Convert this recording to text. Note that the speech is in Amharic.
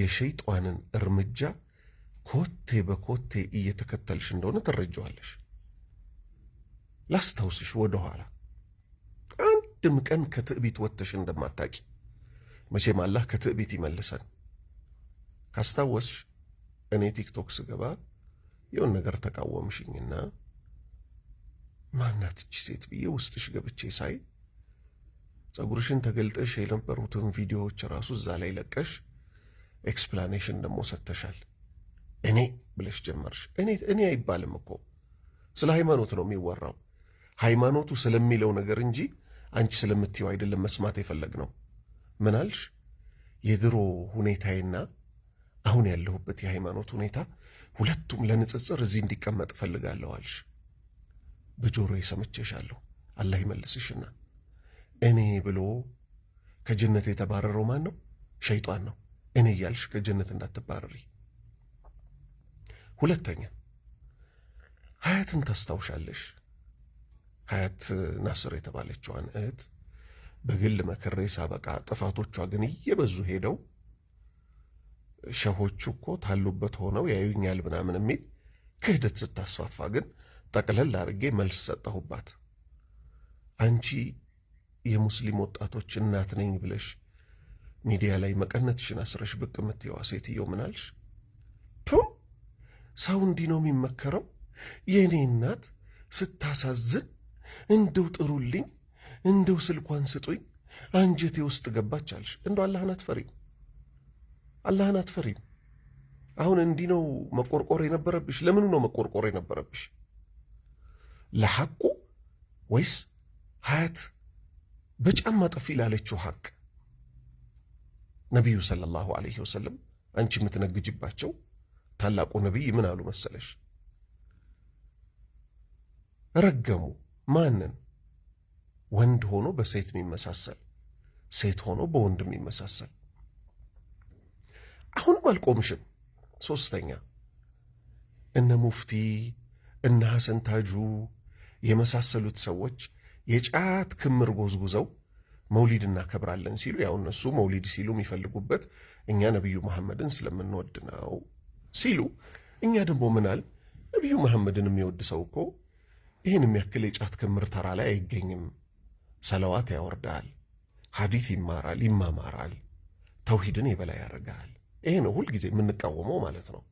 የሸይጧንን እርምጃ ኮቴ በኮቴ እየተከተልሽ እንደሆነ ትረጀዋለሽ። ላስታውስሽ ወደኋላ አንድም ቀን ከትዕቢት ወጥተሽ እንደማታቂ። መቼም አላህ ከትዕቢት ይመልሰን። ካስታወስሽ እኔ ቲክቶክ ስገባ የውን ነገር ተቃወምሽኝና ማናት እች ሴት ብዬ ውስጥሽ ገብቼ ሳይ ፀጉርሽን ተገልጠሽ የነበሩትን ቪዲዮዎች ራሱ እዛ ላይ ለቀሽ ኤክስፕላኔሽን ደግሞ ሰጥተሻል። እኔ ብለሽ ጀመርሽ። እኔ እኔ አይባልም እኮ ስለ ሃይማኖት ነው የሚወራው። ሃይማኖቱ ስለሚለው ነገር እንጂ አንቺ ስለምትየው አይደለም መስማት የፈለግ ነው። ምን አልሽ? የድሮ ሁኔታዬና አሁን ያለሁበት የሃይማኖት ሁኔታ ሁለቱም ለንጽጽር እዚህ እንዲቀመጥ እፈልጋለሁ አልሽ። በጆሮዬ አለሁ አላህ ይመልስሽና እኔ ብሎ ከጀነት የተባረረው ማን ነው? ሸይጧን ነው። እኔ እያልሽ ከጀነት እንዳትባረሪ። ሁለተኛ ሀያትን ታስታውሻለሽ? ሀያት ናስር የተባለችዋን እህት በግል መከሬ ሳበቃ ጥፋቶቿ ግን እየበዙ ሄደው ሸሆቹ እኮ ታሉበት ሆነው ያዩኛል ምናምን የሚል ክህደት ስታስፋፋ ግን ጠቅለል አድርጌ መልስ ሰጠሁባት። አንቺ የሙስሊም ወጣቶች እናት ነኝ ብለሽ ሚዲያ ላይ መቀነትሽን አስረሽ ብቅ የምትየዋ ሴትዮ ምናልሽ? ቱ ሰው እንዲህ ነው የሚመከረው? የእኔ እናት ስታሳዝን፣ እንደው ጥሩልኝ፣ እንደው ስልኳን ስጡኝ፣ አንጀቴ ውስጥ ገባች አልሽ። እንደው አላህን አትፈሪም? አላህን አትፈሪም? አሁን እንዲህ ነው መቆርቆር የነበረብሽ? ለምኑ ነው መቆርቆር የነበረብሽ? ለሐቁ ወይስ ሀያት በጫማ ጥፊ ላለችው ሐቅ ነቢዩ ሰለላሁ ዐለይሂ ወሰለም አንቺ የምትነግጅባቸው ታላቁ ነቢይ ምን አሉ መሰለሽ? ረገሙ ማንን? ወንድ ሆኖ በሴት የሚመሳሰል፣ ሴት ሆኖ በወንድ የሚመሳሰል። አሁንም አልቆምሽም። ሶስተኛ እነ ሙፍቲ እነ ሐሰን ታጁ የመሳሰሉት ሰዎች የጫት ክምር ጎዝጉዘው መውሊድ እናከብራለን ሲሉ ያው እነሱ መውሊድ ሲሉ የሚፈልጉበት እኛ ነቢዩ መሐመድን ስለምንወድ ነው ሲሉ፣ እኛ ደግሞ ምናል ነቢዩ መሐመድን የሚወድ ሰው እኮ ይህን የሚያክል የጫት ክምር ተራ ላይ አይገኝም። ሰለዋት ያወርዳል፣ ሐዲት ይማራል፣ ይማማራል፣ ተውሂድን የበላይ ያደርጋል። ይሄ ነው ሁልጊዜ የምንቃወመው ማለት ነው።